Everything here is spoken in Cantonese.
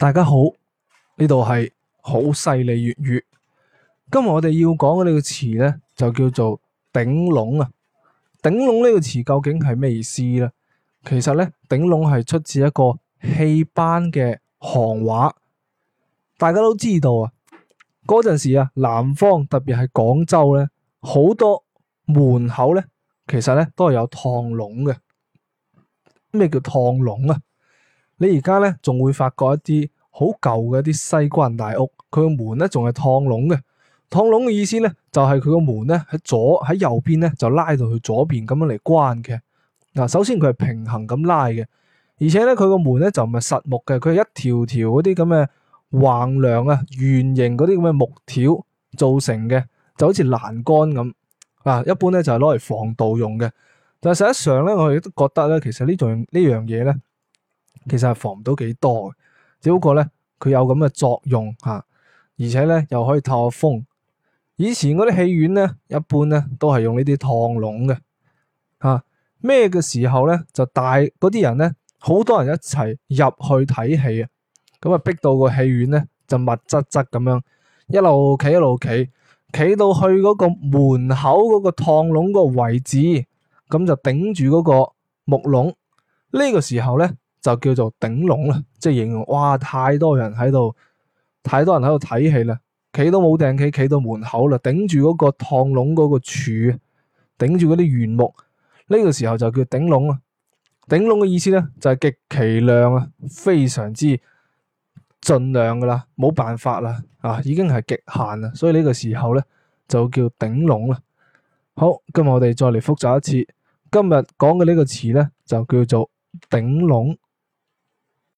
大家好，呢度係猴塞雷粵語。今日我哋要講嘅呢個詞呢，就叫做頂櫳啊。頂櫳呢個詞究竟係咩意思呢？其實呢，頂櫳係出自一個戲班嘅行話。大家都知道啊，嗰陣時啊，南方特別係廣州呢，好多門口呢，其實呢都係有趟櫳嘅。咩叫趟櫳啊？你而家咧仲會發覺一啲好舊嘅一啲西關大屋，佢個門咧仲係趟櫳嘅。趟櫳嘅意思咧就係佢個門咧喺左喺右邊咧就拉到去左邊咁樣嚟關嘅。嗱，首先佢係平衡咁拉嘅，而且咧佢個門咧就唔係實木嘅，佢係一條條嗰啲咁嘅橫梁啊，圓形嗰啲咁嘅木條做成嘅，就好似欄杆咁。嗱，一般咧就係攞嚟防盜用嘅。但係實際上咧，我哋都覺得咧，其實種種種呢樣呢樣嘢咧。其實係防唔到幾多嘅，只不過咧佢有咁嘅作用吓、啊，而且咧又可以透下風。以前嗰啲戲院咧，一般咧都係用呢啲趟櫳嘅吓。咩、啊、嘅時候咧就帶嗰啲人咧，好多人一齊入去睇戲啊，咁啊逼到個戲院咧就密質質咁樣一路企一路企，企到去嗰個門口嗰個趟櫳個位置，咁就頂住嗰個木籠呢、這個時候咧。就叫做頂籠啦，即係形容哇，太多人喺度，太多人喺度睇戲啦，企都冇埞企，企到門口啦，頂住嗰個燙籠嗰個柱，頂住嗰啲原木，呢個時候就叫頂籠啊。頂籠嘅意思咧就係極其量啊，非常之盡量噶啦，冇辦法啦啊，已經係極限啦，所以呢個時候咧就叫頂籠啦。好，今日我哋再嚟複習一次，今日講嘅呢個詞咧就叫做頂籠。